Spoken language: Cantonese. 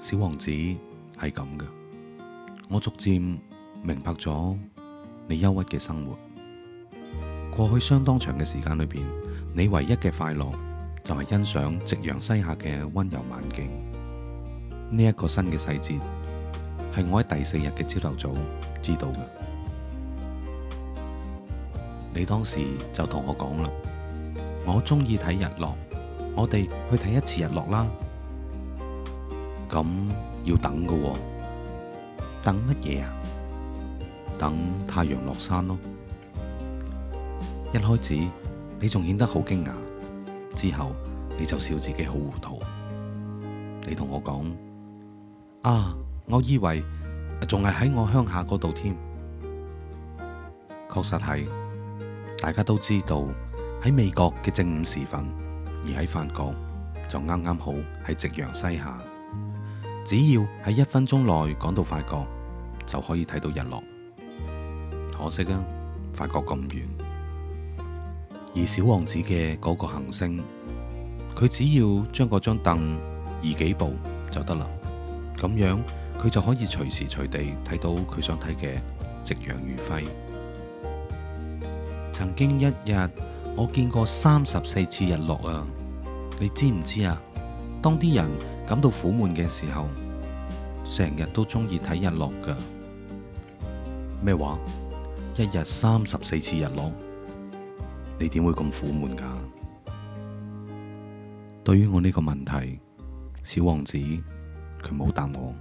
小王子係咁嘅，我逐漸明白咗你憂鬱嘅生活。過去相當長嘅時間裏邊，你唯一嘅快樂就係欣賞夕陽西下嘅溫柔晚景。呢一個新嘅細節係我喺第四日嘅朝頭早知道嘅。你當時就同我講啦，我鍾意睇日落，我哋去睇一次日落啦。咁要等嘅、哦，等乜嘢啊？等太陽落山咯、哦。一開始你仲顯得好驚訝，之後你就笑自己好糊塗。你同我講：啊，我以為仲係喺我鄉下嗰度添。確實係，大家都知道喺美國嘅正午時分，而喺法國就啱啱好喺夕陽西下。只要喺一分鐘內趕到法國，就可以睇到日落。可惜啊，法國咁遠，而小王子嘅，嗰個行星，佢只要將嗰張凳移幾步就得啦。咁樣佢就可以隨時隨地睇到佢想睇嘅夕陽餘暉。曾經一日，我見過三十四次日落啊！你知唔知啊？當啲人感到苦悶嘅時候，成日都鍾意睇日落噶。咩話？一日三十四次日落，你點會咁苦悶噶？對於我呢個問題，小王子佢冇答我。